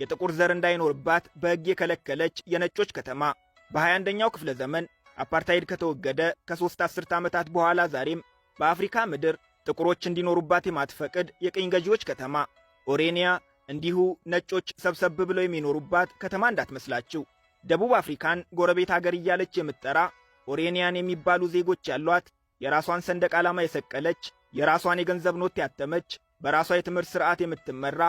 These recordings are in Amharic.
የጥቁር ዘር እንዳይኖርባት በሕግ የከለከለች የነጮች ከተማ በ21ኛው ክፍለ ዘመን አፓርታይድ ከተወገደ ከሦስት አስርተ ዓመታት በኋላ ዛሬም በአፍሪካ ምድር ጥቁሮች እንዲኖሩባት የማትፈቅድ የቅኝ ገዢዎች ከተማ ኦሬንያ እንዲሁ ነጮች ሰብሰብ ብለው የሚኖሩባት ከተማ እንዳትመስላችሁ። ደቡብ አፍሪካን ጎረቤት አገር እያለች የምትጠራ ኦሬንያን የሚባሉ ዜጎች ያሏት የራሷን ሰንደቅ ዓላማ የሰቀለች የራሷን የገንዘብ ኖት ያተመች በራሷ የትምህርት ሥርዓት የምትመራ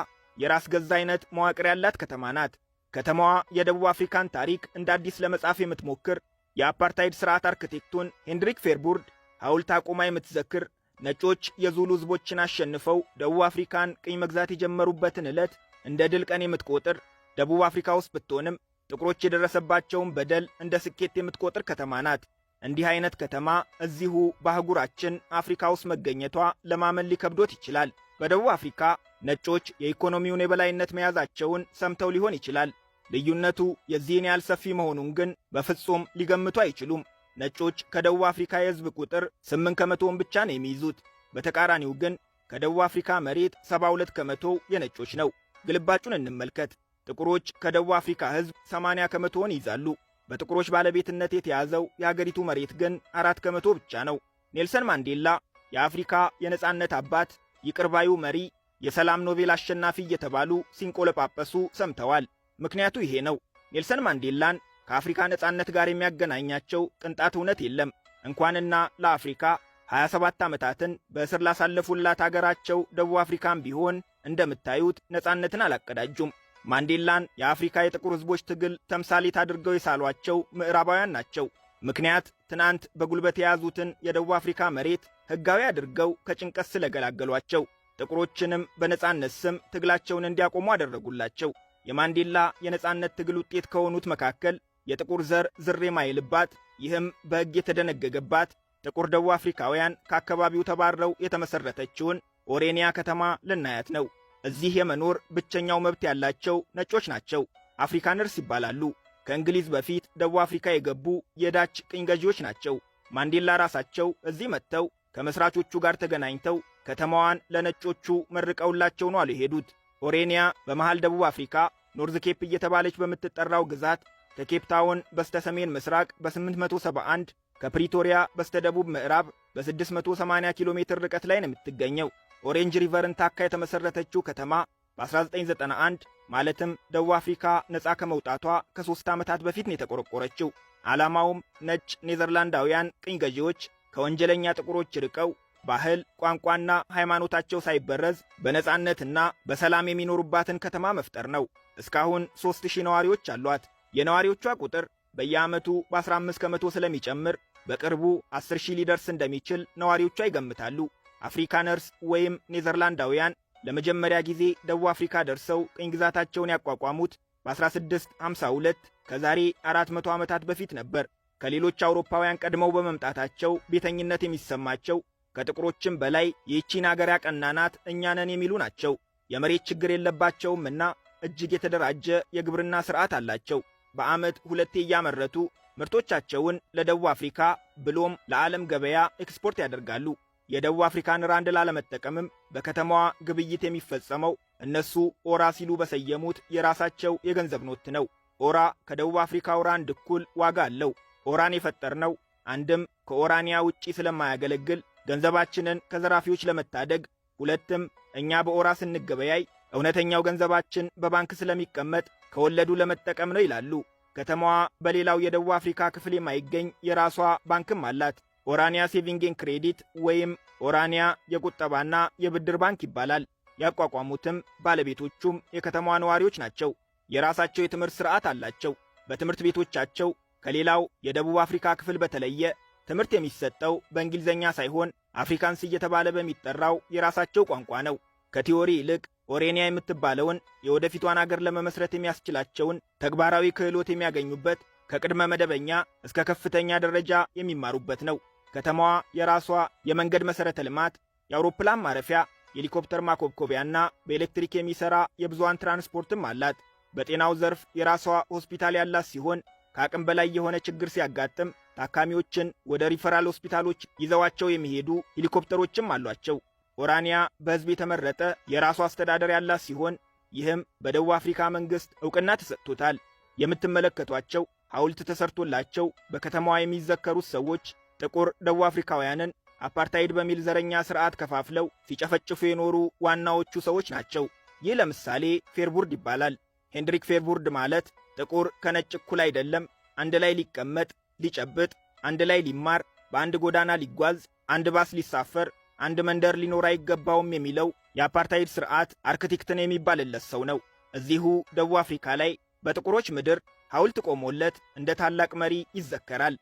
የራስ ገዝ አይነት መዋቅር ያላት ከተማ ናት። ከተማዋ የደቡብ አፍሪካን ታሪክ እንደ አዲስ ለመጻፍ የምትሞክር የአፓርታይድ ሥርዓት አርክቴክቱን ሄንድሪክ ፌርቡርድ ሐውልት አቁማ የምትዘክር ነጮች የዙሉ ሕዝቦችን አሸንፈው ደቡብ አፍሪካን ቅኝ መግዛት የጀመሩበትን ዕለት እንደ ድል ቀን የምትቆጥር ደቡብ አፍሪካ ውስጥ ብትሆንም ጥቁሮች የደረሰባቸውን በደል እንደ ስኬት የምትቆጥር ከተማ ናት። እንዲህ አይነት ከተማ እዚሁ በአህጉራችን አፍሪካ ውስጥ መገኘቷ ለማመን ሊከብዶት ይችላል። በደቡብ አፍሪካ ነጮች የኢኮኖሚውን የበላይነት መያዛቸውን ሰምተው ሊሆን ይችላል። ልዩነቱ የዚህን ያህል ሰፊ መሆኑን ግን በፍጹም ሊገምቱ አይችሉም። ነጮች ከደቡብ አፍሪካ የሕዝብ ቁጥር 8 ከመቶውን ብቻ ነው የሚይዙት። በተቃራኒው ግን ከደቡብ አፍሪካ መሬት 72 ከመቶ የነጮች ነው። ግልባጩን እንመልከት። ጥቁሮች ከደቡብ አፍሪካ ሕዝብ 80 ከመቶውን ይይዛሉ። በጥቁሮች ባለቤትነት የተያዘው የአገሪቱ መሬት ግን አራት ከመቶ ብቻ ነው። ኔልሰን ማንዴላ የአፍሪካ የነጻነት አባት ይቅርባዩ መሪ፣ የሰላም ኖቤል አሸናፊ እየተባሉ ሲንቆለጳጳሱ ሰምተዋል። ምክንያቱ ይሄ ነው። ኔልሰን ማንዴላን ከአፍሪካ ነጻነት ጋር የሚያገናኛቸው ቅንጣት እውነት የለም። እንኳንና ለአፍሪካ 27 ዓመታትን በእስር ላሳለፉላት አገራቸው ደቡብ አፍሪካም ቢሆን እንደምታዩት ነጻነትን አላቀዳጁም። ማንዴላን የአፍሪካ የጥቁር ሕዝቦች ትግል ተምሳሌት አድርገው የሳሏቸው ምዕራባውያን ናቸው። ምክንያት ትናንት በጉልበት የያዙትን የደቡብ አፍሪካ መሬት ሕጋዊ አድርገው ከጭንቀት ስለገላገሏቸው፣ ጥቁሮችንም በነጻነት ስም ትግላቸውን እንዲያቆሙ አደረጉላቸው። የማንዴላ የነጻነት ትግል ውጤት ከሆኑት መካከል የጥቁር ዘር ዝር የማይልባት ይህም በሕግ የተደነገገባት ጥቁር ደቡብ አፍሪካውያን ከአካባቢው ተባረው የተመሠረተችውን ኦሬንያ ከተማ ልናያት ነው። እዚህ የመኖር ብቸኛው መብት ያላቸው ነጮች ናቸው። አፍሪካነርስ ይባላሉ። ከእንግሊዝ በፊት ደቡብ አፍሪካ የገቡ የዳች ቅኝ ገዢዎች ናቸው። ማንዴላ ራሳቸው እዚህ መጥተው ከመስራቾቹ ጋር ተገናኝተው ከተማዋን ለነጮቹ መርቀውላቸው ነው አሉ የሄዱት። ኦሬኒያ በመሃል ደቡብ አፍሪካ ኖርዝ ኬፕ እየተባለች በምትጠራው ግዛት ከኬፕታውን በስተ ሰሜን ምስራቅ በ871 ከፕሪቶሪያ በስተ ደቡብ ምዕራብ በ680 ኪሎ ሜትር ርቀት ላይ ነው የምትገኘው። ኦሬንጅ ሪቨርን ታካ የተመሠረተችው ከተማ በ1991 ማለትም ደቡብ አፍሪካ ነፃ ከመውጣቷ ከሦስት ዓመታት በፊት ነው የተቆረቆረችው። ዓላማውም ነጭ ኔዘርላንዳውያን ቅኝ ገዢዎች ከወንጀለኛ ጥቁሮች ርቀው ባህል፣ ቋንቋና ሃይማኖታቸው ሳይበረዝ በነፃነትና በሰላም የሚኖሩባትን ከተማ መፍጠር ነው። እስካሁን 3000 ነዋሪዎች አሏት። የነዋሪዎቿ ቁጥር በየዓመቱ በ15 ከመቶ ስለሚጨምር በቅርቡ 10 ሺህ ሊደርስ እንደሚችል ነዋሪዎቿ ይገምታሉ። አፍሪካነርስ ወይም ኔዘርላንዳውያን ለመጀመሪያ ጊዜ ደቡብ አፍሪካ ደርሰው ቅኝ ግዛታቸውን ያቋቋሙት በ1652 ከዛሬ 400 ዓመታት በፊት ነበር። ከሌሎች አውሮፓውያን ቀድመው በመምጣታቸው ቤተኝነት የሚሰማቸው ከጥቁሮችም በላይ ይህቺን አገር ያቀናናት እኛነን የሚሉ ናቸው። የመሬት ችግር የለባቸውምና እጅግ የተደራጀ የግብርና ሥርዓት አላቸው። በዓመት ሁለቴ እያመረቱ ምርቶቻቸውን ለደቡብ አፍሪካ ብሎም ለዓለም ገበያ ኤክስፖርት ያደርጋሉ። የደቡብ አፍሪካን ራንድ ላለመጠቀምም በከተማዋ ግብይት የሚፈጸመው እነሱ ኦራ ሲሉ በሰየሙት የራሳቸው የገንዘብ ኖት ነው። ኦራ ከደቡብ አፍሪካው ራንድ እኩል ዋጋ አለው። ኦራን የፈጠርነው አንድም ከኦራንያ ውጪ ስለማያገለግል ገንዘባችንን ከዘራፊዎች ለመታደግ፣ ሁለትም እኛ በኦራ ስንገበያይ እውነተኛው ገንዘባችን በባንክ ስለሚቀመጥ ከወለዱ ለመጠቀም ነው ይላሉ። ከተማዋ በሌላው የደቡብ አፍሪካ ክፍል የማይገኝ የራሷ ባንክም አላት። ኦራኒያ ሴቪንግን ክሬዲት ወይም ኦራኒያ የቁጠባና የብድር ባንክ ይባላል። ያቋቋሙትም ባለቤቶቹም የከተማዋ ነዋሪዎች ናቸው። የራሳቸው የትምህርት ስርዓት አላቸው። በትምህርት ቤቶቻቸው ከሌላው የደቡብ አፍሪካ ክፍል በተለየ ትምህርት የሚሰጠው በእንግሊዝኛ ሳይሆን አፍሪካንስ እየተባለ በሚጠራው የራሳቸው ቋንቋ ነው። ከቲዎሪ ይልቅ ኦሬኒያ የምትባለውን የወደፊቷን አገር ለመመስረት የሚያስችላቸውን ተግባራዊ ክህሎት የሚያገኙበት ከቅድመ መደበኛ እስከ ከፍተኛ ደረጃ የሚማሩበት ነው። ከተማዋ የራሷ የመንገድ መሠረተ ልማት፣ የአውሮፕላን ማረፊያ፣ የሄሊኮፕተር ማኮብኮቢያና በኤሌክትሪክ የሚሠራ የብዙሃን ትራንስፖርትም አላት። በጤናው ዘርፍ የራሷ ሆስፒታል ያላት ሲሆን ከአቅም በላይ የሆነ ችግር ሲያጋጥም ታካሚዎችን ወደ ሪፈራል ሆስፒታሎች ይዘዋቸው የሚሄዱ ሄሊኮፕተሮችም አሏቸው። ኦራንያ በሕዝብ የተመረጠ የራሷ አስተዳደር ያላት ሲሆን ይህም በደቡብ አፍሪካ መንግሥት ዕውቅና ተሰጥቶታል። የምትመለከቷቸው ሐውልት ተሰርቶላቸው በከተማዋ የሚዘከሩት ሰዎች ጥቁር ደቡብ አፍሪካውያንን አፓርታይድ በሚል ዘረኛ ስርዓት ከፋፍለው ሲጨፈጭፉ የኖሩ ዋናዎቹ ሰዎች ናቸው። ይህ ለምሳሌ ፌርቡርድ ይባላል። ሄንድሪክ ፌርቡርድ ማለት ጥቁር ከነጭ እኩል አይደለም፣ አንድ ላይ ሊቀመጥ፣ ሊጨብጥ፣ አንድ ላይ ሊማር፣ በአንድ ጎዳና ሊጓዝ፣ አንድ ባስ ሊሳፈር፣ አንድ መንደር ሊኖር አይገባውም የሚለው የአፓርታይድ ስርዓት አርክቴክትን የሚባልለት ሰው ነው። እዚሁ ደቡብ አፍሪካ ላይ በጥቁሮች ምድር ሐውልት ቆሞለት እንደ ታላቅ መሪ ይዘከራል።